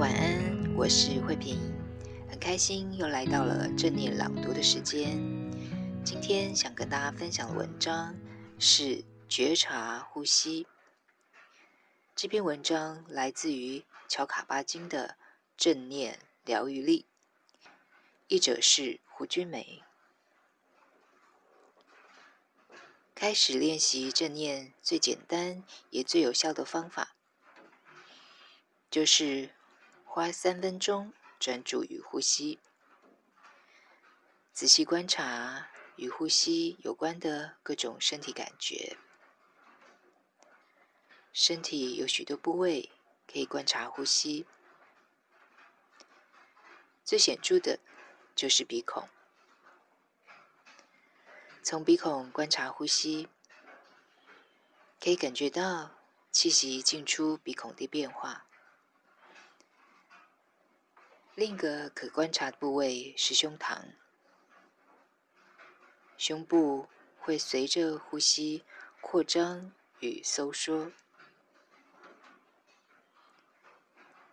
晚安，我是慧萍，很開心又來到了正念朗讀的時間。今天想跟大家分享的文章是覺察呼吸。這篇文章來自於喬卡巴金的《正念療癒力》，譯者是胡君梅。開始練習正念最簡單也最有效的方法，就是。花三分鐘專注於呼吸，仔細觀察與呼吸有關的各種身體感覺。身體有許多部位可以觀察呼吸，最顯著的就是鼻孔。從鼻孔觀察呼吸，可以感覺到氣息進出鼻孔的變化。另一個可觀察部位是胸膛，胸部會隨着呼吸擴張與收縮。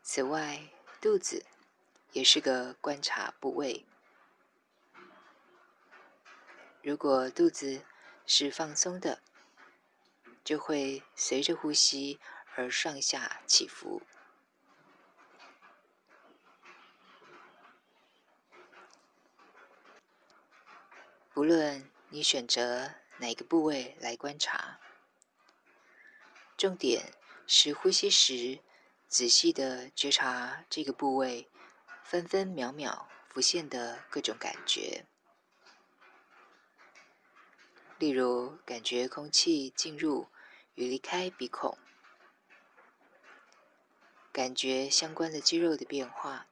此外，肚子也是個觀察部位。如果肚子是放鬆的，就會隨着呼吸而上下起伏。無論你選擇哪個部位來觀察，重點是呼吸時仔細地覺察這個部位分分秒秒浮現的各種感覺，例如感覺空氣進入與離開鼻孔，感覺相關的肌肉的變化，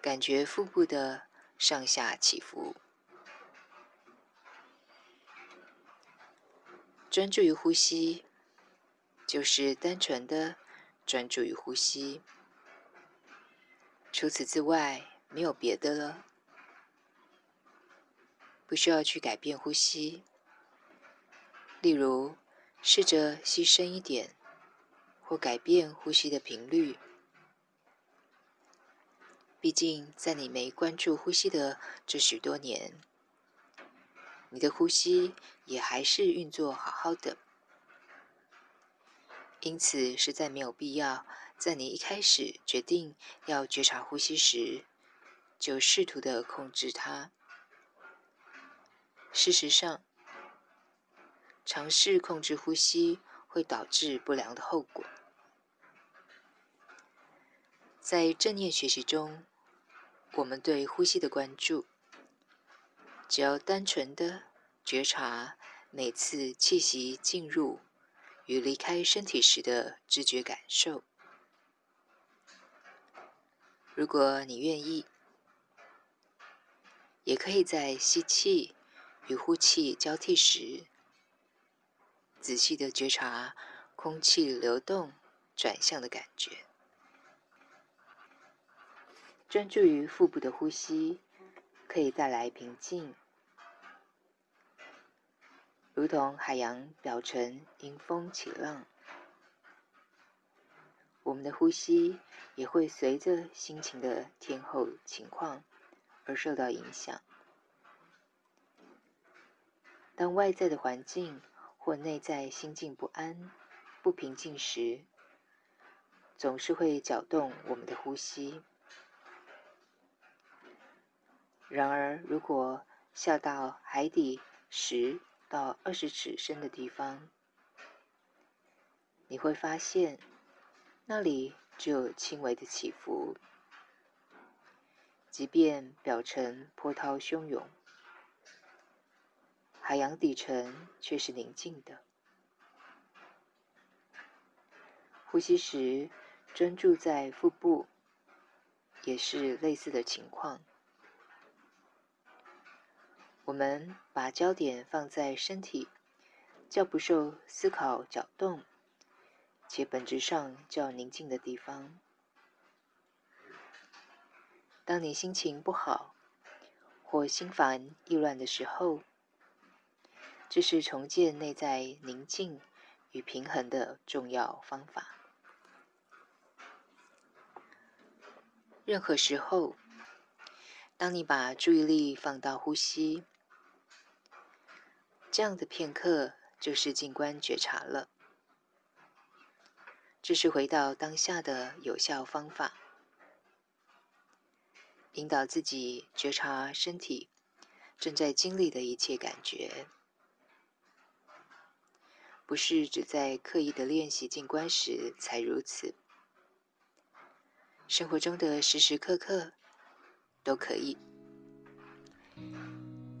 感覺腹部的。上下起伏，專注於呼吸，就是單純的專注於呼吸。除此之外，沒有別的了，不需要去改變呼吸，例如試着吸深一點，或改變呼吸的頻率。畢竟，在你沒關注呼吸的這許多年，你的呼吸也還是運作好好的。因此，實在沒有必要在你一開始決定要覺察呼吸時，就試圖的控制它。事實上，嘗試控制呼吸會導致不良的後果。在正念學習中，我們對呼吸的關注，只要單純的覺察每次氣息進入與離開身體時的知覺感受。如果你願意，也可以在吸氣與呼氣交替時，仔細的覺察空氣流動轉向的感覺。專注於腹部的呼吸，可以帶來平靜，如同海洋表層迎風起浪。我們的呼吸也會隨着心情的天候情況而受到影響。當外在的環境或內在心境不安、不平靜時，總是會攪動我們的呼吸。然而，如果下到海底十到二十尺深的地方，你會發現那裡只有輕微的起伏。即便表層波濤洶湧，海洋底層卻是寧靜的。呼吸時專注在腹部，也是類似的情況。我們把焦點，放在身體較不受思考攪動，且本質上較寧靜的地方。當你心情不好或心煩意亂的時候，這是重建內在寧靜與平衡的重要方法。任何時候，當你把注意力放到呼吸。這樣的片刻就是靜觀覺察了，這是回到當下的有效方法，引導自己覺察身體正在經歷的一切感覺，不是只在刻意的練習靜觀時才如此，生活中的時時刻刻都可以。